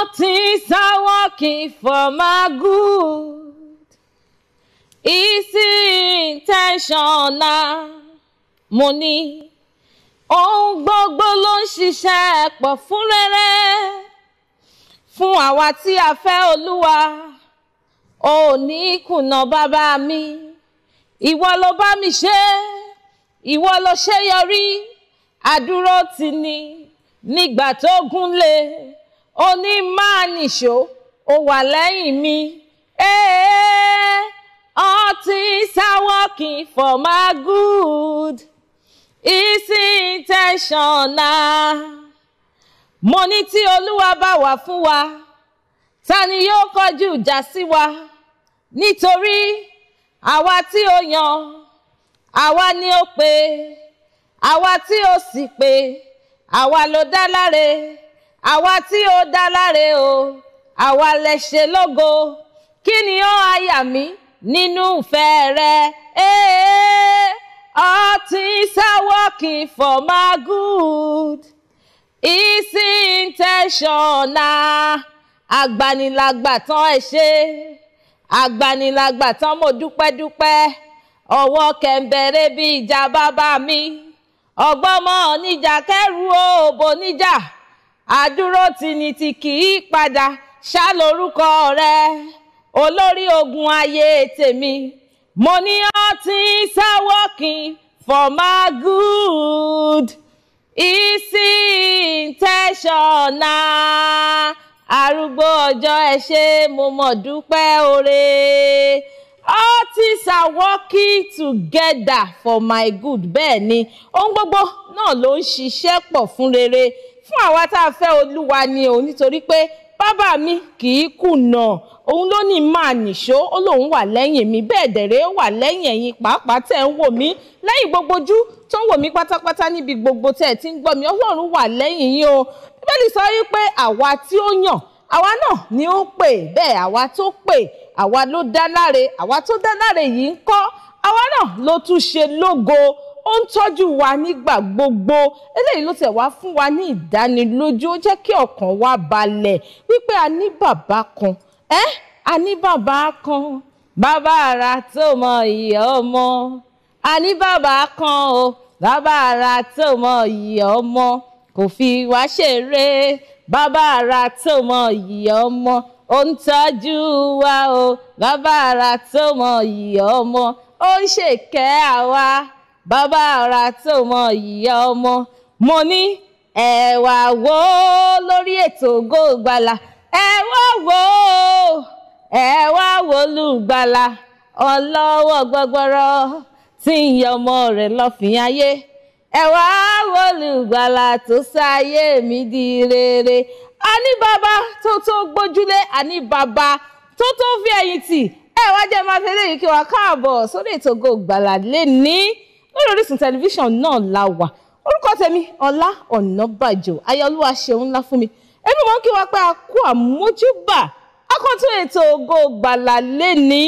all things are working for my good. It's intentional. Mo ní ohun gbogbo ló ń ṣiṣẹ́ pọ̀ fún rere fún àwa tí a fẹ́ Olúwa ò ní kùnà bàbá mi ìwọ ló bá mi ṣe ìwọ ló ṣe yọrí àdúró tì ní nígbà tó gúnlẹ̀ onímánìṣó ó wà lẹ́yìn mi ọtí sáwọ́ kì í for my good is intentional mo ní tí olúwa bá wà fún wa ta ni yóò kọjú ìjà sí wa nítorí àwa tí ó yan àwa ni ó pè àwa tí ó sì pè àwa ló dá láre àwa tí ó dá láre o àwa lẹ ṣe lógo kí ni ó àyà mi nínú ìfẹ́ rẹ ee eh, ọtí sáwọ́kì for my good is intentional agbanilàgbàtàn ẹ ṣe agbanilàgbàtàn mo dúpẹ́ dúpẹ́ ọwọ́ kẹ̀ǹbẹ̀rẹ̀ bí ìjà bàbá mi ọgbọ́n mọ́ níjà kẹ́rù òbò níjà àdúró tinitì kì í padà ṣá lórúkọ rẹ olórí ogun ayé tèmi mo ní ọtí sáwọ́kìn for my good is intentional arúgbó ọjọ́ ẹ ṣé mo mọ̀ dúpẹ́ oore artists are working together for my good bẹ́ẹ̀ ni ohun gbogbo náà ló ń ṣiṣẹ́ pọ̀ fún rere fún àwa tá a fẹ́ olúwa ni o nítorí pé bàbá mi kì í kùnà òun ló ní máa nìṣó ó lóun wà lẹ́yìn mi bẹ́ẹ̀ dẹ̀rẹ́ ó wà lẹ́yìn ẹ̀yin pàápàá tẹ̀ ń wò mí lẹ́yìn gbogbo ojú tó ń wò mí pátápátá níbi gbogbo tẹ̀ tí ń gbọ́ mi ọlọ́run wà lẹ́yìn yín o bíbélì sọ wípé àwa tí ó yàn àwa náà ni ó pè bẹ́ẹ̀ àwa tó pè àwa ló dá láre àwa tó dá láre yìí ń kọ́ àwa náà ló tún ṣe lógo ó ń tọ́jú wa nígbà gbogbo eléyìí ló tẹ̀ wá fún wa ní ìdánilójú ó jẹ́ kí ọkàn wa balẹ̀ wípé a ní bàbá kan ẹ́ a ní bàbá kan bàbá ara tó mọ ìyá ọmọ a ní bàbá kan o bàbá ara tó mọ ìyá ọmọ kò fi wá ṣeré bàbá ara tó mọ ìyá ọmọ ó ń tọ́jú wa o bàbá ara tó mọ ìyá ọmọ ó ń ṣèkẹ́ àwa bàbá ara tó mọ ìyá ọmọ mo ní ẹ wá wo ó lórí ètò Ògo Ìgbàlà ẹ wá wò ó ẹ wá wò ó lùgbàlà ọlọ́wọ́ gbọgbọrọ tí ń yọ ọmọ rẹ̀ lọ́fìn ayé ẹ wá wò ó lùgbàlà tó sáyé mi di rere a ní bàbá tó tó gbójúlé a ní bàbá tó tó fi ẹ̀yìn tì ẹ wá jẹ́ máa fi eléyìí kí wá káàbọ̀ sórí ètò Ògo Ìgbàlà lórí Orísun tẹlifíṣàn náà la wà orúkọ tèmi Ọlá Ọ̀nàbàjò ayọ̀lúwa ṣeun ńlá fún mi èmi mọ̀ kí wọ́n pé a kú àmójúbà akọ́tún ètò Ògo Ìgbàlà lẹ́ni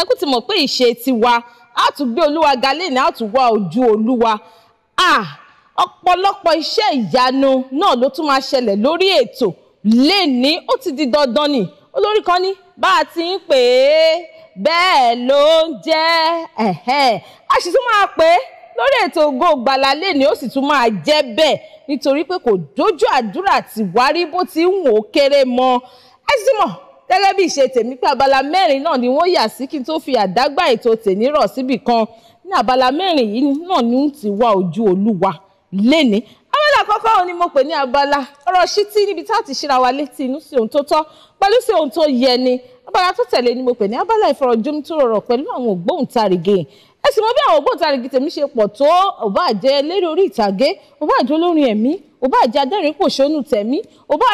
ẹkú ti mọ̀ pé ìṣe tiwa a tún gbé olúwa ga lẹ́ni a tún wá ojú olúwa ọ̀pọ̀lọpọ̀ iṣẹ́ ìyanu náà ló tún máa ṣẹlẹ̀ lórí ètò lẹ́ni ó ti di dandan ni olórí kan ní bá a ti ń pè é bẹ́ẹ̀ ló ń jẹ́ a sì tún máa pé lórí ètò Ògo Ìgbàlà lẹ́ni ó sì tún máa jẹ́ bẹ́ẹ̀ nítorí pé kò dójú àdúrà tí wárí bó ti ń wò ó kéré mọ́ ẹ sì mọ̀ gẹ́gẹ́ bí ìṣe tèmi pé abala mẹ́rin náà ni wọ́n yà sí kí n tó fi àdágbà ètò tèmi rọ̀ síbì kan ní abala mẹ́rin yìí náà ni ń ti wá ojú Olúwa lẹ́ni abala kọ́kọ́ òun ni mo pè ní abala ọ̀rọ̀ ṣítí níbi tá a ti ṣíra wa létí inú sí ohun tó tọ́ pẹ̀lú sí ohun tó yẹ ni abala tó tẹ̀lé ni mo pè ní abala ìfọ̀rọ̀jomitoro ọ̀rọ̀ pẹ̀lú àwọn ògbóǹtarìgì ẹ sì mọ bí àwọn ògbóǹtarìgì tèmi ṣe pọ̀ tó ó bá jẹ́ orí ìtàgé ó bá olórin ẹ̀mí ó bá jẹ́ adẹ́rìnpòṣónú tẹ̀mí ó bá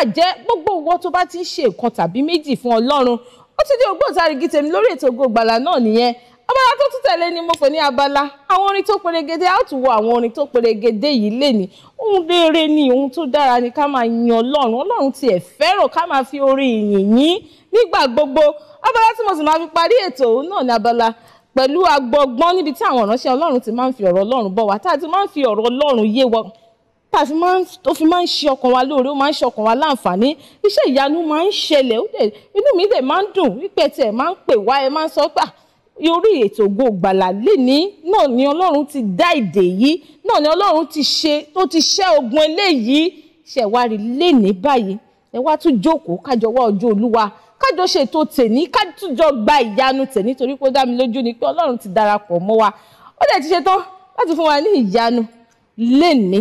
gbogbo owó tó bá ti ń ṣe nǹkan tàbí méjì fún Ọlọ́run ó ti di ògbóǹtarìgì tèmi lórí ètò Ògo náà nìyẹn abala tó tún tẹ̀lé ni mo pè ní abala àwọn orin tó perégedé a ó tún wo àwọn orin tó perégedé yìí lénìí ohun rere ni ohun tó dára ni ká máa yan ọlọ́run ọlọ́run ti ẹ̀ fẹ́ràn ká máa fi orin ìyìn yín nígbà gbogbo abala tí mo sì máa fi parí ètò òun náà ni abala pẹ̀lú agbọgbọ́n níbi tí àwọn ìránṣẹ́ ọlọ́run ti máa ń fi ọ̀rọ̀ ọlọ́run bọ̀ wá tá a ti máa ń fi ọ̀rọ̀ ọlọ́run yé wa tàfi máa ń tó fi máa ń ṣe ọkàn wa lóore ó máa ń ṣe ọkàn wa láǹfààní iṣẹ́ ìyanu máa ń ṣẹlẹ̀ ó dẹ̀ inú mi dẹ̀ máa ń dùn wípé tiẹ̀ máa ń pè wá ẹ máa ń sọ pé orí ètò Ògo Ìgbàlà lẹ́ni náà ni ọlọ́run ti dá ìdè yìí náà ni ọlọ́run ti ṣe tó ti ṣẹ́ ogun eléyìí ṣẹ̀wárí lẹ́ni báyìí ẹ wá tún jókòó kájọ wá ọjọ́ olúwa kájọ ṣètò tèní kájọ gba ìyanu tèní torí pé ó dá mi lójú ni pé ọlọ́run ti darapọ̀ mọ́ wa ó dẹ̀ ti ṣetán láti fún wa ní ìyanu lẹ́ni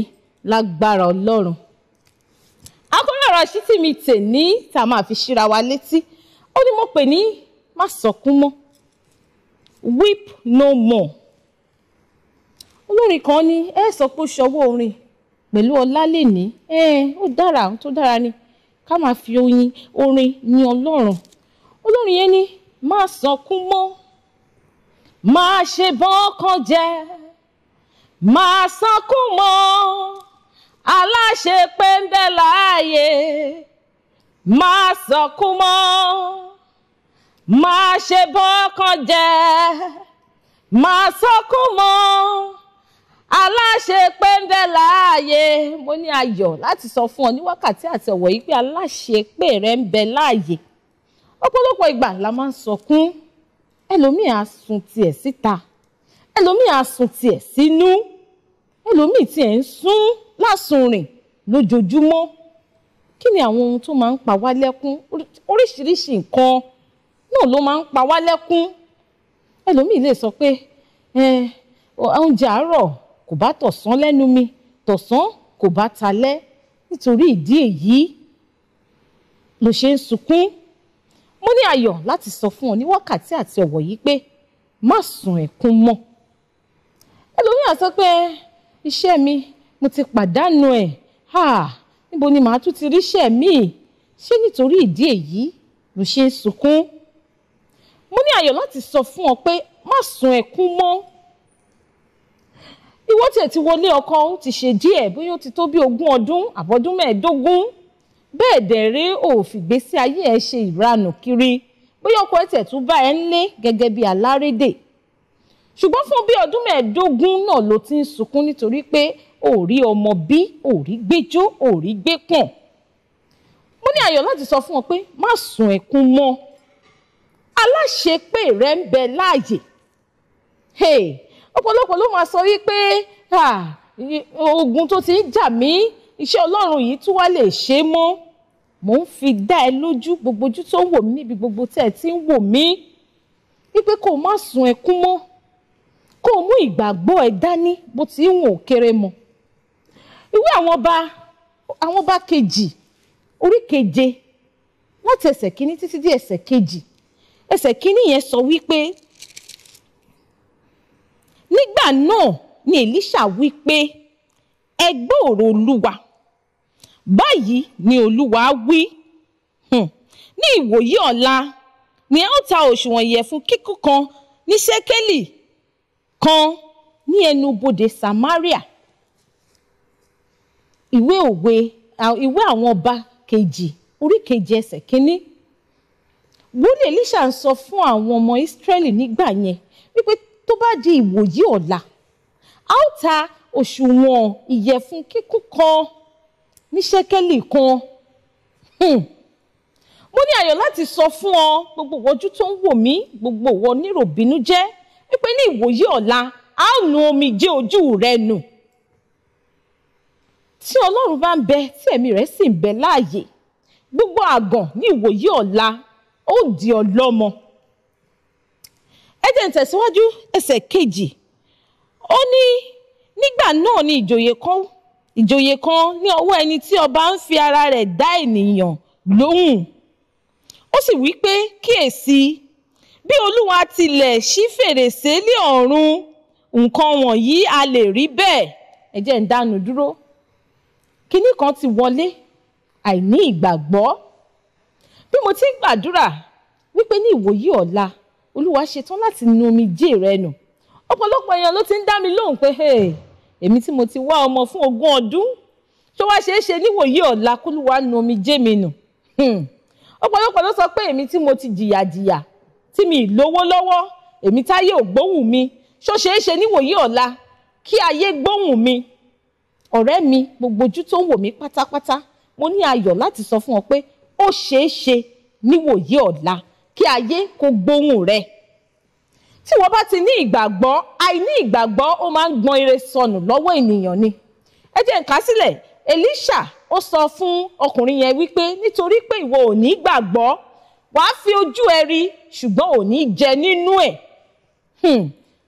lágbára ọlọ́run akọ́rọ̀ ọ̀rọ̀ sí tèmi tá a máa fi ṣíra wa létí ó ní mo pè ní má sọkún mọ́ weep no more olórin kan ní ẹ sọ pé ó ṣọwọ́ orin pẹ̀lú ọlá lè ní ó dára tó dára ni ká máa fi oyin orin yin ọlọ́run olórin yẹn ní má sọkún mọ́ má ṣe bọ́ọ̀kan jẹ́ má sọkún mọ́ aláṣepé láàyè má sọkún mọ́ máa ṣe bọ́kàn jẹ́ máa sọ́kún mọ́ aláṣẹ pé ń bẹ láàyè mo ní ayọ̀ láti sọ fún ọ ní wákàtí àtẹ̀wọ̀ yìí pé aláṣẹ pé rẹ ń bẹ láàyè ọ̀pọ̀lọpọ̀ ìgbà la máa ń sọkún ẹlòmíì á sun tiẹ̀ síta ẹlòmíì á sun tiẹ̀ sínú ẹlòmíì tiẹ̀ ń sún lásùn rìn lójoojúmọ́ kí ni àwọn ohun tó máa ń pa wá oríṣiríṣi nǹkan náà ló máa ń pa wá lẹ́kún ẹlòmíì lè sọ pé oúnjẹ àárọ̀ kò bá tọ̀sán lẹ́nu mi tọ̀sán kò bá talẹ́ nítorí ìdí èyí ló ṣe ń sunkún mo ní ayọ̀ láti sọ fún ọ ní wákàtí àti ọ̀wọ̀ yìí pé má sun ẹ̀kún mọ́ ẹlòmíà sọ pé iṣẹ́ mi mo ti pàdánù ẹ̀ ha níbo ni màá tún ti ríṣẹ́ mi ṣé nítorí ìdí èyí ló ṣe ń sunkún ayọ̀ láti sọ fún ọ pé má sun ẹkún mọ́ ìwọ tiẹ̀ ti wọlé ọkọ ó ti ṣe díẹ̀ bóyá ó ti tó bí ogún ọdún àbọ̀dún mẹ́ẹ̀ẹ́dógún bẹ́ẹ̀ dẹ̀ rí òfìgbésí ayé ẹ̀ ṣe ìranù kiri bóyá ọkọ ẹ̀ tẹ̀ tún bá ẹ ń lé gẹ́gẹ́ bí alárédè ṣùgbọ́n fún bí ọdún mẹ́ẹ̀ẹ́dógún náà ló ti ń sunkún nítorí pé ò rí ọmọ bí ò rí gbẹ́jọ́ ò rí gbẹ́pọ̀n mo ní ayọ̀ láti sọ fún ọ pé má sun ẹkún mọ́ aláṣepé rẹ ń bẹ láàyè ọ̀pọ̀lọpọ̀ ló máa sọ wípé ogun tó ti ń jà mí iṣẹ́ ọlọ́run yìí tún wá lè ṣe é mọ́ mò ń fi dá ẹ lójú gbogbo ojú tó ń wò mí níbi gbogbo tẹ́ ẹ ti ń wò mí wípé kó o má sun ẹkún mọ́ kó o mú ìgbàgbọ́ ẹ dání bó ti ń wọ̀n kéré mọ́ ìwé àwọn ọba àwọn ọba kejì orí keje láti ẹsẹ̀ kínní títí dé ẹsẹ̀ kejì ẹsẹ̀ kínní yẹn sọ wípé nígbà náà ni Èlíṣà wípé ẹ gbọ́ ọ̀rọ̀ Olúwa báyìí ni Olúwa wí hmm. ní ìwòyí ọ̀la ni a ó ta òṣùwọ̀n ìyẹ̀fun kíkún kan ní ṣẹ́kẹ́lì kan ní ẹnu bodè Samaria ìwé òwe ìwé àwọn ọba kejì orí kejì ẹsẹ̀ kínní wòlíì Èlíṣà ń sọ fún àwọn ọmọ Ísírẹ́lì nígbà yẹn wípé tó bá di ìwòyí ọ̀la a ó ta òṣùwọ̀n ìyẹ̀fun kíkún kan ní ṣẹ́kẹ́lì kan hmm. mo ní ayọ̀ láti sọ fún ọ gbogbo ìwọ́jú tó ń wò mí gbogbo ìwọ níròbínú jẹ́ wípé ní ìwòyí ọ̀la a ó nu omijé ojú rẹ nù tí ọlọ́run bá ń bẹ tí ẹ̀mí rẹ̀ sì ń bẹ láàyè gbogbo àgàn ní ìwòyí ọ̀la ó di ọlọ́mọ ẹ jẹ́ n tẹ̀síwájú ẹsẹ̀ kejì ó ní nígbà náà ni ìjòyè kan ìjòyè kan ní ọwọ́ ẹni tí ọba ń fi ara rẹ̀ dá ènìyàn lóhùn ó sì wí pé kíyèsí bí olúwa tilẹ̀ ṣí fèrèsé lé ọ̀run nǹkan wọ̀nyí a lè rí bẹ́ẹ̀ ẹ jẹ́ dánu dúró kinní kan ti wọlé àìní ìgbàgbọ́ mo ti ń gbàdúrà wípé ní ìwòyí ọ̀la olúwa ṣetán láti nu omijé rẹ nù ọ̀pọ̀lọpọ̀ èèyàn ló ti ń dá mi lóhùn pé èmi tí mo ti wá ọmọ fún ogún ọdún tó wá ṣeé ṣe níwòyí ọ̀la kólúwa nu omijé mi nù hmm. ọ̀pọ̀lọpọ̀ ló sọ pé èmi tí mo ti jìyàjìyà tí mi lówó lọ́wọ́ èmi táyé ò gbóhùn mi ṣó ṣeé ṣe níwòyí ọ̀la kí ayé gbóhùn mi ọ̀rẹ́ mi gbogbo ojú tó ń wò mí pátápátá mo ní ayọ̀ láti sọ fún ọ pé ó ṣeé ṣe níwòye ọ̀la kí ayé kó gbóhùn rẹ̀ tí wọ́n bá ti ní ìgbàgbọ́ àìní ìgbàgbọ́ ó máa ń gbọ́n ire sọnù lọ́wọ́ ènìyàn ni ẹ jẹ́ n kà sílẹ̀ Èlíṣà ó sọ fún ọkùnrin yẹn wípé nítorí pé ìwọ ò ní gbàgbọ́ wàá fi ojú ẹ rí ṣùgbọ́n ò ní jẹ nínú ẹ̀ hmm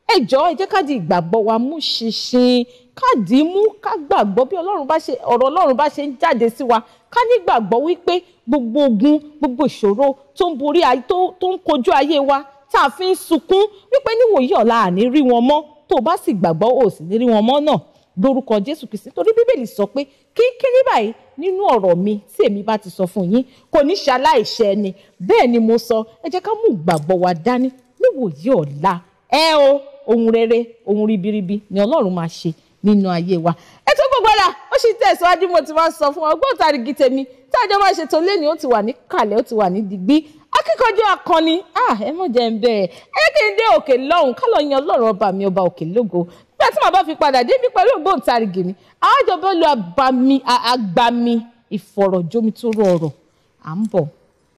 ẹ jọ̀ọ́ ẹ jẹ́ ká di ìgbàgbọ́ wa mú ṣinṣin ká dì í mú ká gbàgbọ́ bí ọlọ́run bá ṣe ọ̀rọ̀ ọlọ́run bá ṣe ń jáde sí wa ká nígbàgbọ́ wípé gbogbo ogun gbogbo ìṣòro tó ń borí ayé tó ń kojú ayé wa tá a fi ń sunkún wípé níwòyí ọ̀la àní rí wọn mọ́ tó o bá sì gbàgbọ́ o sì ní rí wọn mọ́ náà lórúkọ jésù kristi torí bíbélì sọ pé kíkírí báyìí nínú ọ̀rọ̀ mi tí èmi bá ti sọ fún yín kò ní ṣaláìṣẹ ni bẹ́ẹ̀ ni mo sọ ẹ jẹ́ ká mú ìgbàgbọ́ wa dání níwòyí ọ̀la ẹ o ohun rere ohun ribiribi ni ọlọ́run máa ṣe nínú ayé wa ètò gbogbo ara ó sì tẹ̀síwájú mo ti máa sọ fún ọgbọ́ntarìgì tèmi tí àjọ máa ṣètò lẹ́ni ó ti wà ní kàlẹ́ ó ti wà ní digbí akíkanjú akọni ah, ẹ mọ̀ jẹ́ ń bẹ́ẹ̀ ẹ kí n dé òkè lọ́hùn kálọ̀ yan ọlọ́run ọba mi ọba òkè lógo nígbà tí màá bá fi padà dé mi pẹ̀lú ògbóǹtarìgì mi àwọn àjọbọ̀ lu àgbàmì ìfọ̀rọ̀jomitoro ọ̀rọ̀ à ń bọ̀.